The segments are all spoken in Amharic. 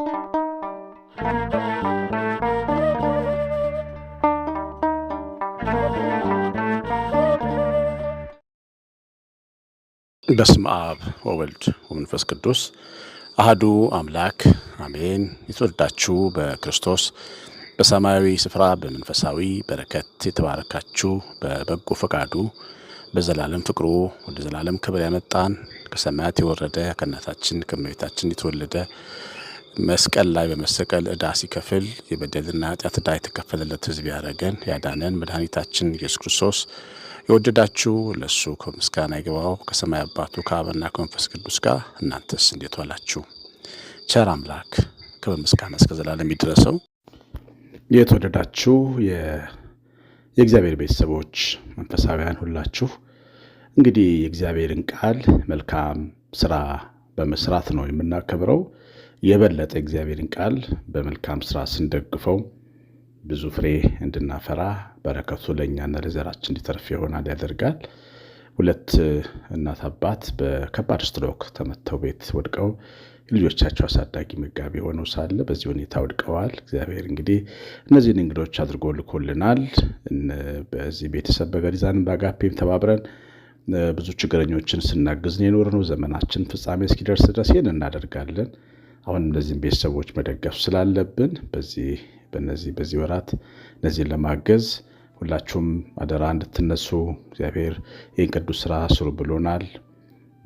በስመ አብ ወወልድ ወመንፈስ ቅዱስ አህዱ አምላክ አሜን። የተወደዳችሁ በክርስቶስ በሰማያዊ ስፍራ በመንፈሳዊ በረከት የተባረካችሁ በበጎ ፈቃዱ በዘላለም ፍቅሩ ወደ ዘላለም ክብር ያመጣን ከሰማያት የወረደ ከእናታችን ከእመቤታችን የተወለደ መስቀል ላይ በመሰቀል ዕዳ ሲከፍል የበደልና ኃጢአት ዕዳ የተከፈለለት ሕዝብ ያደረገን ያዳነን መድኃኒታችን ኢየሱስ ክርስቶስ የወደዳችሁ ለእሱ ከምስጋና ይግባው ከሰማይ አባቱ ከአብና ከመንፈስ ቅዱስ ጋር። እናንተስ እንዴት ዋላችሁ? ቸር አምላክ ክብር ምስጋና እስከ ዘላለም ይድረሰው። የተወደዳችሁ የእግዚአብሔር ቤተሰቦች መንፈሳዊያን ሁላችሁ እንግዲህ የእግዚአብሔርን ቃል መልካም ስራ በመስራት ነው የምናከብረው። የበለጠ እግዚአብሔርን ቃል በመልካም ስራ ስንደግፈው ብዙ ፍሬ እንድናፈራ በረከቱ ለእኛና ለዘራችን እንዲተርፍ ይሆናል ያደርጋል። ሁለት እናት አባት በከባድ ስትሮክ ተመተው ቤት ወድቀው ልጆቻቸው አሳዳጊ መጋቢ ሆነው ሳለ በዚህ ሁኔታ ወድቀዋል። እግዚአብሔር እንግዲህ እነዚህን እንግዶች አድርጎ ልኮልናል። በዚህ ቤተሰብ በገሪዛን በአጋፔም ተባብረን ብዙ ችግረኞችን ስናግዝን የኖር ነው። ዘመናችን ፍጻሜ እስኪደርስ ድረስ ይህን እናደርጋለን። አሁን እነዚህን ቤተሰቦች መደገፍ ስላለብን በዚህ በነዚህ በዚህ ወራት እነዚህን ለማገዝ ሁላችሁም አደራ እንድትነሱ እግዚአብሔር ይህን ቅዱስ ስራ ስሩ ብሎናል።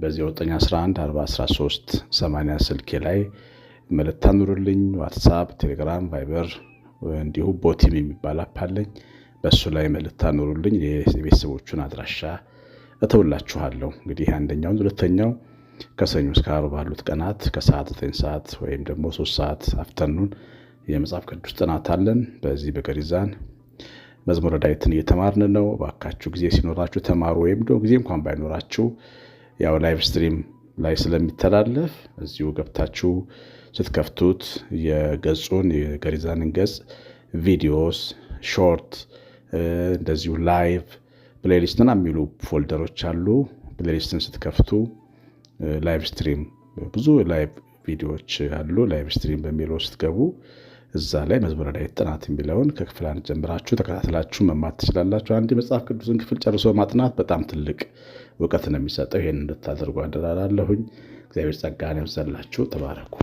በዚህ በ911 413 80 ስልኬ ላይ መልእክት አኑሩልኝ። ዋትሳፕ፣ ቴሌግራም፣ ቫይበር እንዲሁም ቦቲም የሚባል አፕ አለኝ። በእሱ ላይ መልእክት አኑሩልኝ። የቤተሰቦቹን አድራሻ እተውላችኋለሁ። እንግዲህ አንደኛውን ሁለተኛው ከሰኞ እስከ ዓርብ ባሉት ቀናት ከሰዓት 9 ሰዓት ወይም ደግሞ 3 ሰዓት አፍተኑን የመጽሐፍ ቅዱስ ጥናት አለን። በዚህ በገሪዛን መዝሙረ ዳዊትን እየተማርን ነው። ባካችሁ ጊዜ ሲኖራችሁ ተማሩ፣ ወይም ደግሞ ጊዜ እንኳን ባይኖራችሁ ያው ላይቭ ስትሪም ላይ ስለሚተላለፍ እዚሁ ገብታችሁ ስትከፍቱት የገጹን የገሪዛንን ገጽ ቪዲዮስ፣ ሾርት እንደዚሁ ላይቭ ፕሌሊስትና የሚሉ ፎልደሮች አሉ። ፕሌሊስትን ስትከፍቱ ላይቭ ስትሪም ብዙ ላይቭ ቪዲዮዎች አሉ። ላይቭ ስትሪም በሚለው ስትገቡ እዛ ላይ መዝሙረ ዳዊት ጥናት የሚለውን ከክፍል አንድ ጀምራችሁ ተከታትላችሁ መማት ትችላላችሁ። አንድ መጽሐፍ ቅዱስን ክፍል ጨርሶ ማጥናት በጣም ትልቅ እውቀት ነው የሚሰጠው። ይህን እንድታደርጉ አደራላለሁኝ። እግዚአብሔር ጸጋን ያብዛላችሁ። ተባረኩ።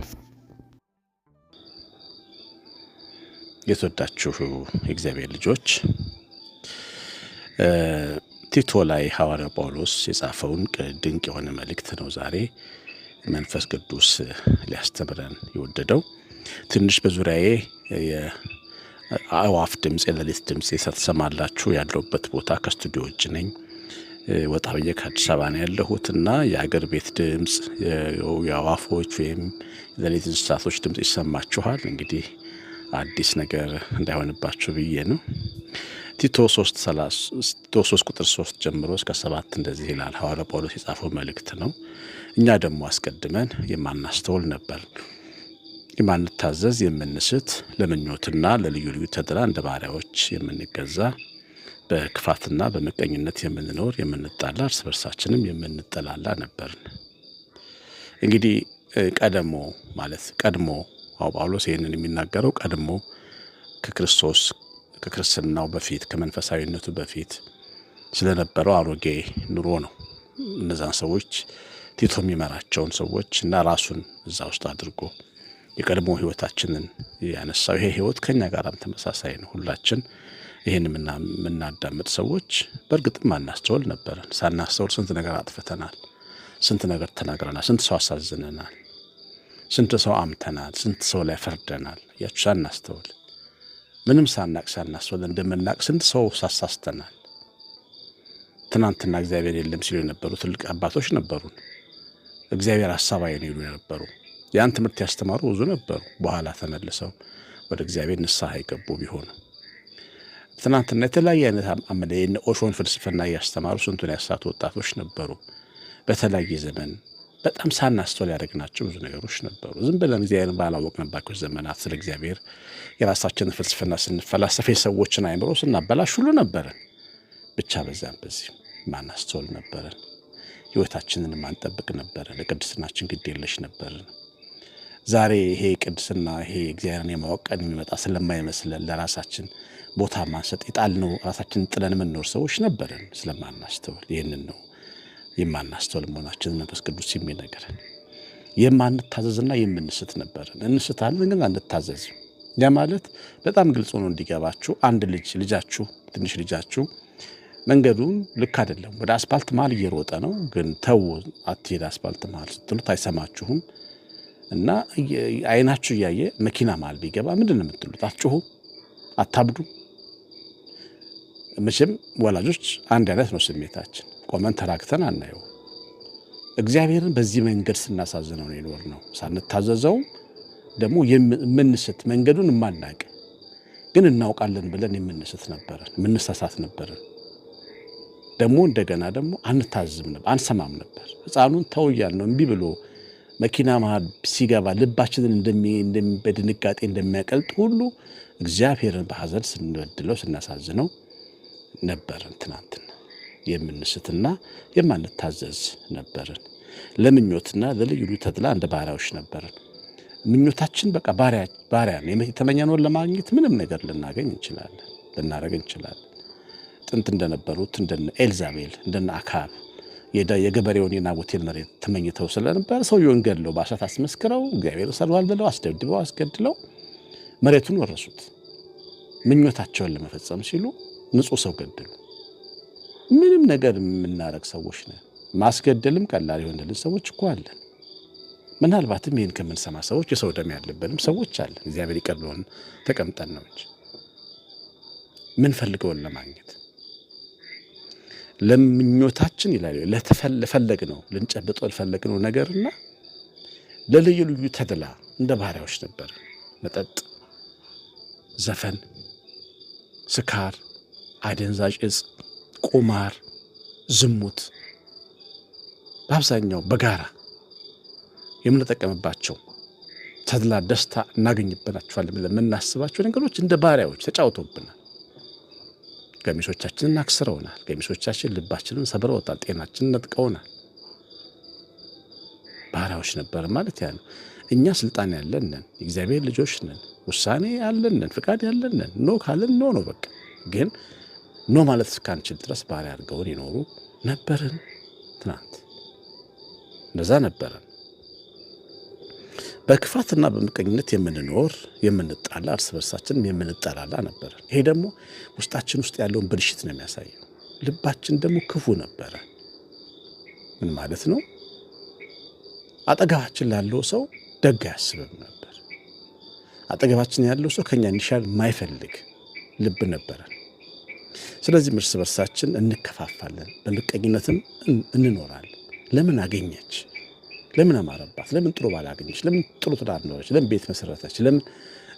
የተወዳችሁ የእግዚአብሔር ልጆች ቲቶ ላይ ሐዋርያ ጳውሎስ የጻፈውን ድንቅ የሆነ መልእክት ነው ዛሬ መንፈስ ቅዱስ ሊያስተምረን የወደደው። ትንሽ በዙሪያዬ የአእዋፍ ድምፅ፣ የሌሊት ድምፅ የተሰማላችሁ ያለሁበት ቦታ ከስቱዲዮ ውጭ ነኝ። ወጣ ብዬ ከአዲስ አበባ ነው ያለሁት እና የአገር ቤት ድምፅ፣ የአዋፎች ወይም የሌሊት እንስሳቶች ድምፅ ይሰማችኋል። እንግዲህ አዲስ ነገር እንዳይሆንባችሁ ብዬ ነው። ቲቶ 3 ቁጥር 3 ጀምሮ እስከ 7 እንደዚህ ይላል። ሐዋርያ ጳውሎስ የጻፈው መልእክት ነው። እኛ ደግሞ አስቀድመን የማናስተውል ነበር፣ የማንታዘዝ፣ የምንስት፣ ለምኞትና ለልዩ ልዩ ተድላ እንደ ባሪያዎች የምንገዛ በክፋትና በምቀኝነት የምንኖር የምንጣላ፣ እርስ በርሳችንም የምንጠላላ ነበርን። እንግዲህ ቀደሞ ማለት ቀድሞ ጳውሎስ ይህንን የሚናገረው ቀድሞ ከክርስቶስ ከክርስትናው በፊት ከመንፈሳዊነቱ በፊት ስለነበረው አሮጌ ኑሮ ነው። እነዛን ሰዎች ቲቶ የሚመራቸውን ሰዎች እና ራሱን እዛ ውስጥ አድርጎ የቀድሞ ህይወታችንን ያነሳው ይሄ ህይወት ከኛ ጋራም ተመሳሳይ ነው። ሁላችን ይህን የምናዳምጥ ሰዎች በእርግጥም አናስተውል ነበረን። ሳናስተውል ስንት ነገር አጥፍተናል፣ ስንት ነገር ተናግረናል፣ ስንት ሰው አሳዝነናል፣ ስንት ሰው አምተናል፣ ስንት ሰው ላይ ፈርደናል። ያችሁ ሳናስተውል ምንም ሳናቅ ሳናስወል እንደምናቅ ስንት ሰው ሳሳስተናል። ትናንትና እግዚአብሔር የለም ሲሉ የነበሩ ትልቅ አባቶች ነበሩን። እግዚአብሔር ሀሳብ አይን ይሉ ነበሩ። ያን ትምህርት ያስተማሩ ብዙ ነበሩ። በኋላ ተመልሰው ወደ እግዚአብሔር ንስሐ የገቡ ቢሆኑ ትናንትና የተለያየ አይነት አመለ ኦሾን ፍልስፍና እያስተማሩ ስንቱን ያሳቱ ወጣቶች ነበሩ በተለያየ ዘመን በጣም ሳናስተውል ያደረግናቸው ብዙ ነገሮች ነበሩ። ዝም ብለን እግዚአብሔርን ባላወቅንባቸው ዘመናት ስለ እግዚአብሔር የራሳችንን ፍልስፍና ስንፈላሰፍ የሰዎችን አይምሮ ስናበላሽ ሁሉ ነበርን። ብቻ በዚያም በዚህ ማናስተውል ነበርን። ህይወታችንን ማንጠብቅ ነበርን። ለቅድስናችን ግድ የለሽ ነበርን። ዛሬ ይሄ ቅድስና ይሄ እግዚአብሔርን የማወቅ ቀን የሚመጣ ስለማይመስለን ለራሳችን ቦታ ማንሰጥ የጣልነው ራሳችንን ጥለን የምንኖር ሰዎች ነበርን ስለማናስተውል ይህንን ነው የማናስተውል መሆናችን መንፈስ ቅዱስ የሚነግረን የማንታዘዝና የምንስት ነበርን። እንስታለን ግን አንታዘዝም። ያ ማለት በጣም ግልጽ ሆኖ እንዲገባችሁ አንድ ልጅ ልጃችሁ ትንሽ ልጃችሁ መንገዱን ልክ አይደለም፣ ወደ አስፓልት መሀል እየሮጠ ነው፣ ግን ተው አትሄድ አስፓልት መሀል ስትሉት አይሰማችሁም እና አይናችሁ እያየ መኪና መሀል ቢገባ ምንድን ነው የምትሉት? አትጩሁ፣ አታብዱ። መቼም ወላጆች አንድ አይነት ነው ስሜታችን ቆመን ተራክተን አናየው። እግዚአብሔርን በዚህ መንገድ ስናሳዝነው ነው የኖር ነው። ሳንታዘዘውም ደግሞ የምንስት መንገዱን የማናቅ ግን እናውቃለን ብለን የምንስት ነበረን፣ የምንሳሳት ነበረን። ደግሞ እንደገና ደግሞ አንታዝም ነበር፣ አንሰማም ነበር። ህፃኑን ተውያል ነው እምቢ ብሎ መኪና መሃል ሲገባ ልባችንን በድንጋጤ እንደሚያቀልጥ ሁሉ እግዚአብሔርን በሐዘን ስንበድለው ስናሳዝነው ነበርን ትናንት የምንስትና የማንታዘዝ ነበርን። ለምኞትና ለልዩ ልዩ ተድላ እንደ ባሪያዎች ነበርን። ምኞታችን በቃ ነው። የተመኘነውን ለማግኘት ምንም ነገር ልናገኝ እንችላለን፣ ልናደርግ እንችላለን። ጥንት እንደነበሩት እንደነ ኤልዛቤል እንደነ አካብ የገበሬውን የናቡቴን መሬት ተመኝተው ስለነበር ሰውየውን ገድለው በአሳት አስመስክረው እግዚአብሔር ሰርዋል ብለው አስደብድበው አስገድለው መሬቱን ወረሱት። ምኞታቸውን ለመፈጸም ሲሉ ንጹሕ ሰው ገድሉ። ምንም ነገር የምናደርግ ሰዎች ነን። ማስገደልም ቀላል የሆነልን ሰዎች እኮ አለን። ምናልባትም ይህን ከምንሰማ ሰዎች የሰው ደም ያለብንም ሰዎች አለን። እግዚአብሔር ይቅር ብሎን ተቀምጠን ነው እንጂ ምን ፈልገውን ለማግኘት ለምኞታችን ይላል ለፈለግነው ልንጨብጠው ነው ነገርና ለልዩ ልዩ ተድላ እንደ ባህሪያዎች ነበር። መጠጥ፣ ዘፈን፣ ስካር፣ አደንዛዥ እጽ፣ ቁማር ዝሙት በአብዛኛው በጋራ የምንጠቀምባቸው ተድላ ደስታ እናገኝበናቸዋለን ብለን የምናስባቸው ነገሮች እንደ ባሪያዎች ተጫውቶብናል። ገሚሶቻችንን አክስረውናል። ገሚሶቻችን ልባችንን ሰብረውታል። ጤናችንን ነጥቀውናል። ባሪያዎች ነበር ማለት ያ ነው። እኛ ስልጣን ያለንን እግዚአብሔር ልጆች ነን። ውሳኔ ያለንን፣ ፍቃድ ያለንን ኖ ካለን ኖ ነው በቃ ግን ኖ ማለት እስካንችል ድረስ ባሪያ አድርገውን ይኖሩ ነበርን። ትናንት እንደዛ ነበረን። በክፋትና በምቀኝነት የምንኖር የምንጣላ፣ እርስ በርሳችንም የምንጠላላ ነበረን። ይሄ ደግሞ ውስጣችን ውስጥ ያለውን ብልሽት ነው የሚያሳየው። ልባችን ደግሞ ክፉ ነበረ። ምን ማለት ነው? አጠገባችን ላለው ሰው ደግ አያስብም ነበር። አጠገባችን ያለው ሰው ከኛ እንዲሻል ማይፈልግ ልብ ነበረን። ስለዚህ እርስ በርሳችን እንከፋፋለን፣ በምቀኝነትም እንኖራለን። ለምን አገኘች? ለምን አማረባት? ለምን ጥሩ ባል አገኘች? ለምን ጥሩ ትዳር ኖረች? ለምን ቤት መሰረተች? ለምን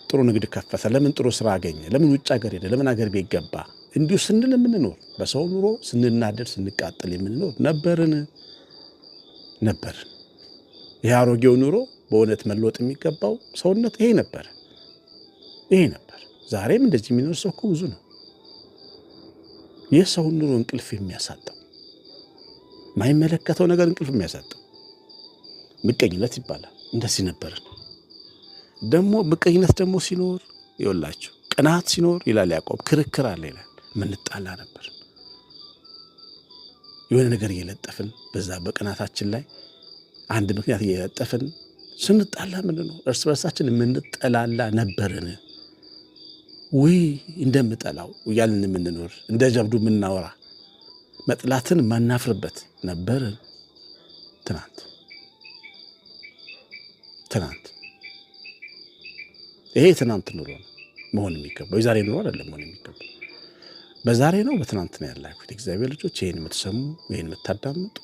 ጥሩ ንግድ ከፈተ? ለምን ጥሩ ስራ አገኘ? ለምን ውጭ ሀገር ሄደ? ለምን ሀገር ቤት ገባ? እንዲሁ ስንል የምንኖር በሰው ኑሮ ስንናደድ ስንቃጠል የምንኖር ነበርን ነበርን። ይህ አሮጌው ኑሮ በእውነት መለወጥ የሚገባው ሰውነት ይሄ ነበር ይሄ ነበር። ዛሬም እንደዚህ የሚኖር ሰው እኮ ብዙ ነው። የሰው ኑሮ እንቅልፍ የሚያሳጠው የማይመለከተው ነገር እንቅልፍ የሚያሳጠው ምቀኝነት ይባላል። እንደዚህ ነበርን። ደግሞ ምቀኝነት ደግሞ ሲኖር ይወላችሁ ቅናት ሲኖር ይላል ያዕቆብ ክርክር አለ ይላል። ምንጣላ ነበር የሆነ ነገር እየለጠፍን በዛ በቅናታችን ላይ አንድ ምክንያት እየለጠፍን ስንጣላ ምንድን ነው እርስ በርሳችን የምንጠላላ ነበርን። ውይ እንደምጠላው እያልን የምንኖር እንደ ጀብዱ የምናወራ መጥላትን ማናፍርበት ነበር ትናንት ትናንት ይሄ ትናንት ኑሮ ነው መሆን የሚገባው የዛሬ ኑሮ አይደለም መሆን የሚገባው። በዛሬ ነው በትናንት ነው ያላችሁት እግዚአብሔር ልጆች፣ ይህን የምትሰሙ ይህን የምታዳምጡ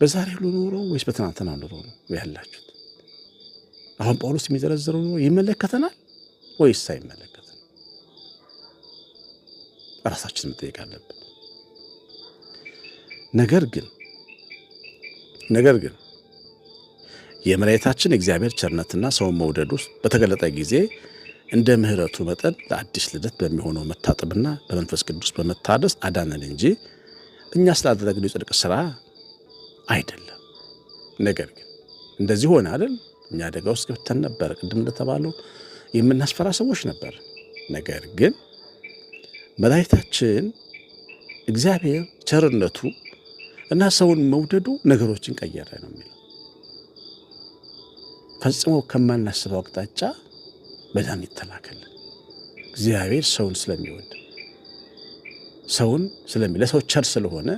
በዛሬ ሁሉ ኑሮ ወይስ በትናንትና ኑሮ ነው ያላችሁት? አሁን ጳውሎስ የሚዘረዝረው ኑሮ ይመለከተናል። ወይስ ሳይመለከት ነው? ራሳችን መጠየቅ አለብን። ነገር ግን ነገር ግን የመሬታችን እግዚአብሔር ቸርነትና ሰውን መውደድ ውስጥ በተገለጠ ጊዜ እንደ ምሕረቱ መጠን ለአዲስ ልደት በሚሆነው መታጠብና በመንፈስ ቅዱስ በመታደስ አዳነን እንጂ እኛ ስላደረግነው የጽድቅ ስራ አይደለም። ነገር ግን እንደዚህ ሆነ አይደል? እኛ አደጋ ውስጥ ገብተን ነበር። ቅድም እንደተባለው የምናስፈራ ሰዎች ነበር። ነገር ግን መድኃኒታችን እግዚአብሔር ቸርነቱ እና ሰውን መውደዱ ነገሮችን ቀየረ ነው የሚለው። ፈጽሞ ከማናስበው አቅጣጫ መድኃኒት ተላከልን። እግዚአብሔር ሰውን ስለሚወድ ሰውን ስለሚ ለሰው ቸር ስለሆነ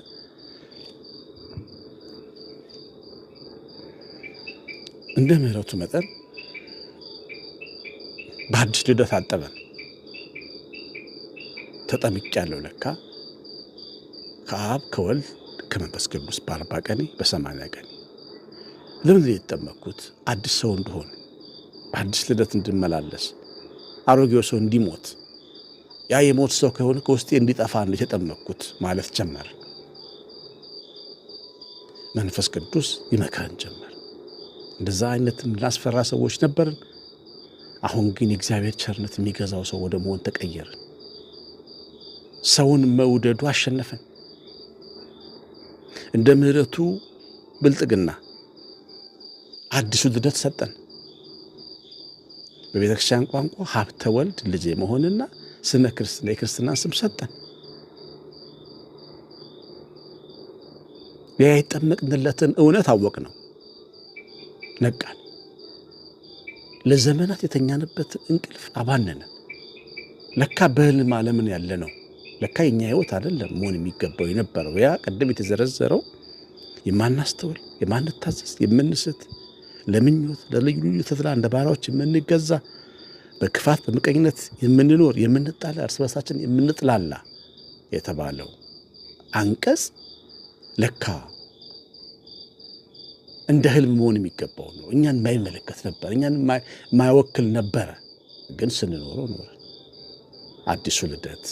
እንደ ምሕረቱ መጠን በአዲስ ልደት አጠበን። ተጠምቅ ያለው ለካ ከአብ ከወልድ ከመንፈስ ቅዱስ በአርባ ቀኔ በሰማንያ ቀኔ ለምን የተጠመቅኩት? አዲስ ሰው እንደሆን በአዲስ ልደት እንድመላለስ አሮጌው ሰው እንዲሞት ያ የሞት ሰው ከሆነ ከውስጤ እንዲጠፋ ነው የተጠመቅኩት ማለት ጀመር። መንፈስ ቅዱስ ይመክረን ጀመር። እንደዛ አይነት ላስፈራ ሰዎች ነበርን። አሁን ግን የእግዚአብሔር ቸርነት የሚገዛው ሰው ወደ መሆን ተቀየርን። ሰውን መውደዱ አሸነፈን። እንደ ምሕረቱ ብልጥግና አዲሱ ልደት ሰጠን። በቤተ ክርስቲያን ቋንቋ ሀብተ ወልድ ልጅ መሆንና ስነ ክርስትና የክርስትና ስም ሰጠን። ያ የጠመቅንለትን እውነት አወቅ ነው ነቃል ለዘመናት የተኛንበት እንቅልፍ አባነንን። ለካ በህልም ዓለምን ያለ ነው። ለካ የኛ ህይወት አይደለም መሆን የሚገባው የነበረው። ያ ቀደም የተዘረዘረው የማናስተውል የማንታዘዝ፣ የምንስት ለምኞት፣ ለልዩ ልዩ ተትላ እንደ ባሪያዎች የምንገዛ በክፋት በምቀኝነት የምንኖር የምንጣላ፣ እርስ በርሳችን የምንጥላላ የተባለው አንቀጽ ለካ እንደ ህልም መሆን የሚገባው ነው። እኛን የማይመለከት ነበር፣ እኛን የማይወክል ነበረ። ግን ስንኖረው ኖረ። አዲሱ ልደት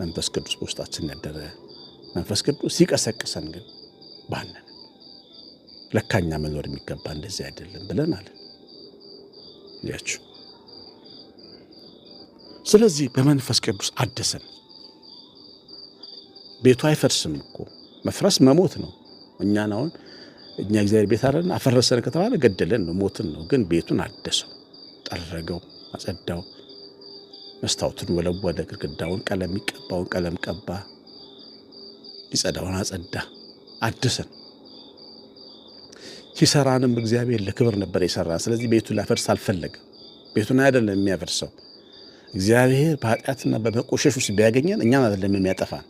መንፈስ ቅዱስ በውስጣችን ያደረ መንፈስ ቅዱስ ሲቀሰቅሰን ግን ባነን። ለካኛ መኖር የሚገባ እንደዚህ አይደለም ብለን አለን ያችሁ። ስለዚህ በመንፈስ ቅዱስ አደሰን። ቤቱ አይፈርስም እኮ መፍረስ መሞት ነው። እኛን አሁን እኛ እግዚአብሔር ቤት አለን አፈረሰን ከተባለ ገደለን ነው ሞትን ነው። ግን ቤቱን አደሰው፣ ጠረገው፣ አጸዳው፣ መስታወቱን ወለወለ፣ ግድግዳውን ቀለም ይቀባውን ቀለም ቀባ፣ ሊጸዳውን አጸዳ፣ አደሰን። ሲሰራንም እግዚአብሔር ለክብር ነበር የሰራን። ስለዚህ ቤቱን ሊያፈርስ አልፈለገም። ቤቱን አይደለም የሚያፈርሰው እግዚአብሔር በኃጢአትና በመቆሸሽ ውስጥ ቢያገኘን እኛም አይደለም የሚያጠፋን።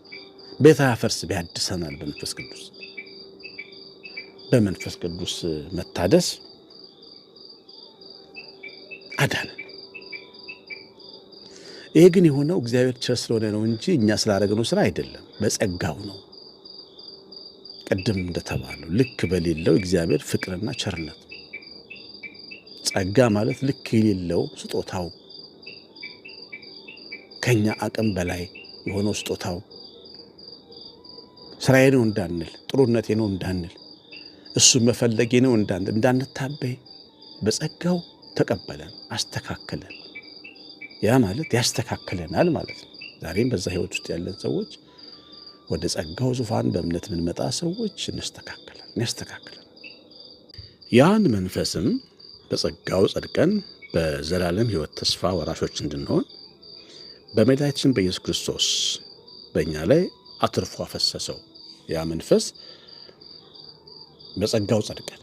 ቤት አያፈርስ ቢያድሰናል በመንፈስ ቅዱስ በመንፈስ ቅዱስ መታደስ አዳነን። ይሄ ግን የሆነው እግዚአብሔር ቸር ስለሆነ ነው እንጂ እኛ ስላደረግነው ስራ አይደለም፣ በጸጋው ነው። ቅድም እንደተባለው ልክ በሌለው እግዚአብሔር ፍቅርና ቸርነት ጸጋ ማለት ልክ የሌለው ስጦታው ከኛ አቅም በላይ የሆነው ስጦታው ስራዬ ነው እንዳንል፣ ጥሩነቴ ነው እንዳንል እሱ መፈለጌ ነው እንዳንታበይ በጸጋው ተቀበለን፣ አስተካከለን። ያ ማለት ያስተካክለናል ማለት ነው። ዛሬም በዛ ህይወት ውስጥ ያለን ሰዎች ወደ ጸጋው ዙፋን በእምነት የምንመጣ ሰዎች እንስተካከለን፣ ያስተካክለን። ያን መንፈስም በጸጋው ጸድቀን በዘላለም ህይወት ተስፋ ወራሾች እንድንሆን በመድኃኒታችን በኢየሱስ ክርስቶስ በእኛ ላይ አትርፎ አፈሰሰው ያ መንፈስ በጸጋው ጸድቀን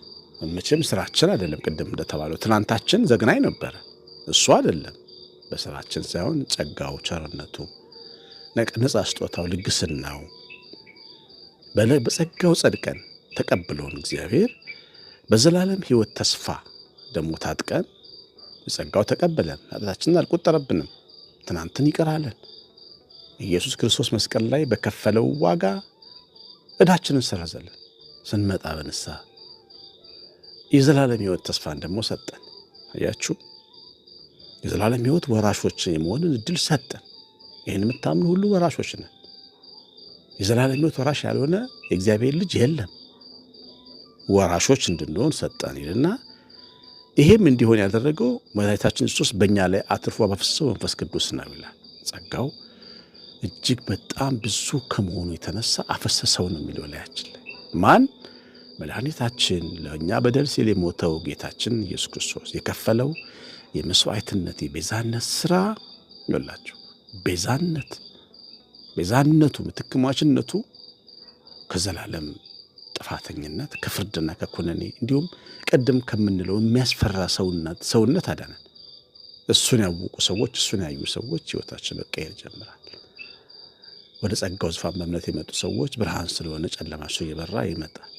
መቼም ስራችን አይደለም። ቅድም እንደተባለው ትናንታችን ዘግናኝ ነበረ፣ እሱ አይደለም። በስራችን ሳይሆን ጸጋው፣ ቸርነቱ፣ ነጻ ስጦታው፣ ልግስናው በጸጋው ጸድቀን ተቀብለውን እግዚአብሔር በዘላለም ህይወት ተስፋ ደግሞ ታጥቀን ጸጋው ተቀበለን። ኃጢአታችንን አልቆጠረብንም። ትናንትን ይቀራለን። ኢየሱስ ክርስቶስ መስቀል ላይ በከፈለው ዋጋ እዳችንን ሰረዘልን። ስንመጣ በንሳ የዘላለም ህይወት ተስፋን ደግሞ ሰጠን። አያችሁ፣ የዘላለም ህይወት ወራሾች የመሆንን እድል ሰጠን። ይህን የምታምኑ ሁሉ ወራሾች ነን። የዘላለም ህይወት ወራሽ ያልሆነ የእግዚአብሔር ልጅ የለም። ወራሾች እንድንሆን ሰጠን ይልና ይሄም እንዲሆን ያደረገው መድኃኒታችን ክርስቶስ በእኛ ላይ አትርፎ ባፈሰሰው መንፈስ ቅዱስ ነው ይላል። ጸጋው እጅግ በጣም ብዙ ከመሆኑ የተነሳ አፈሰሰው ነው የሚለው ላያችን ላይ ማን? መድኃኒታችን ለእኛ በደል ሲል የሞተው ጌታችን ኢየሱስ ክርስቶስ የከፈለው የመስዋዕትነት የቤዛነት ስራ ይላችሁ ቤዛነት ቤዛነቱ ምትክሟችነቱ ከዘላለም ጥፋተኝነት ከፍርድና ከኩነኔ እንዲሁም ቀደም ከምንለው የሚያስፈራ ሰውነት ሰውነት አዳነን። እሱን ያወቁ ሰዎች እሱን ያዩ ሰዎች ህይወታችን መቀየር ጀምራል። ወደ ጸጋው ዙፋን በእምነት የመጡ ሰዎች ብርሃን ስለሆነ ጨለማቸው እየበራ ይመጣል።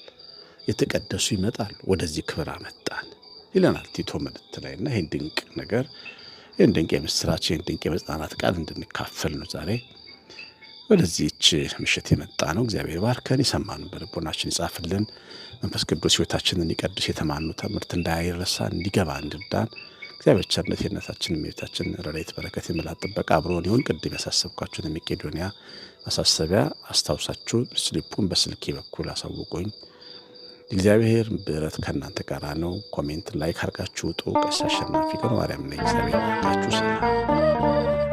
የተቀደሱ ይመጣል። ወደዚህ ክብር አመጣን ይለናል ቲቶ መልእክት ላይ እና ይህን ድንቅ ነገር ይህን ድንቅ የምስራች ይህን ድንቅ የመጽናናት ቃል እንድንካፈል ነው ዛሬ ወደዚህች ምሽት የመጣ ነው። እግዚአብሔር ባርከን የሰማኑ በልቦናችን ይጻፍልን። መንፈስ ቅዱስ ሕይወታችንን ይቀድስ። የተማኑ ትምህርት እንዳይረሳ እንዲገባ እንድዳን እግዚአብሔር ቸርነት የእናታችን የሚቤታችን ረድኤት በረከት የመላት ጥበቃ አብሮን ይሁን። ቅድም ያሳሰብኳችሁን የመቄዶንያ ማሳሰቢያ አስታውሳችሁ ስሊፑን በስልኬ በኩል አሳውቁኝ። እግዚአብሔር ብረት ከእናንተ ጋር ነው። ኮሜንት ላይክ አድርጋችሁ ውጡ። ቀሲስ አሸናፊ ገብረማርያም ነኝ። እግዚአብሔር ባርካችሁ። ሰላም